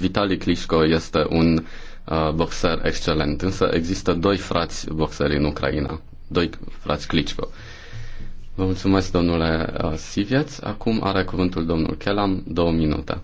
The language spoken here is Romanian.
Vitali Klitschko este un uh, boxer excelent, însă există doi frați boxeri în Ucraina, doi frați Klitschko. Vă mulțumesc, domnule uh, Sivieț. Acum are cuvântul domnul Kelam, două minute.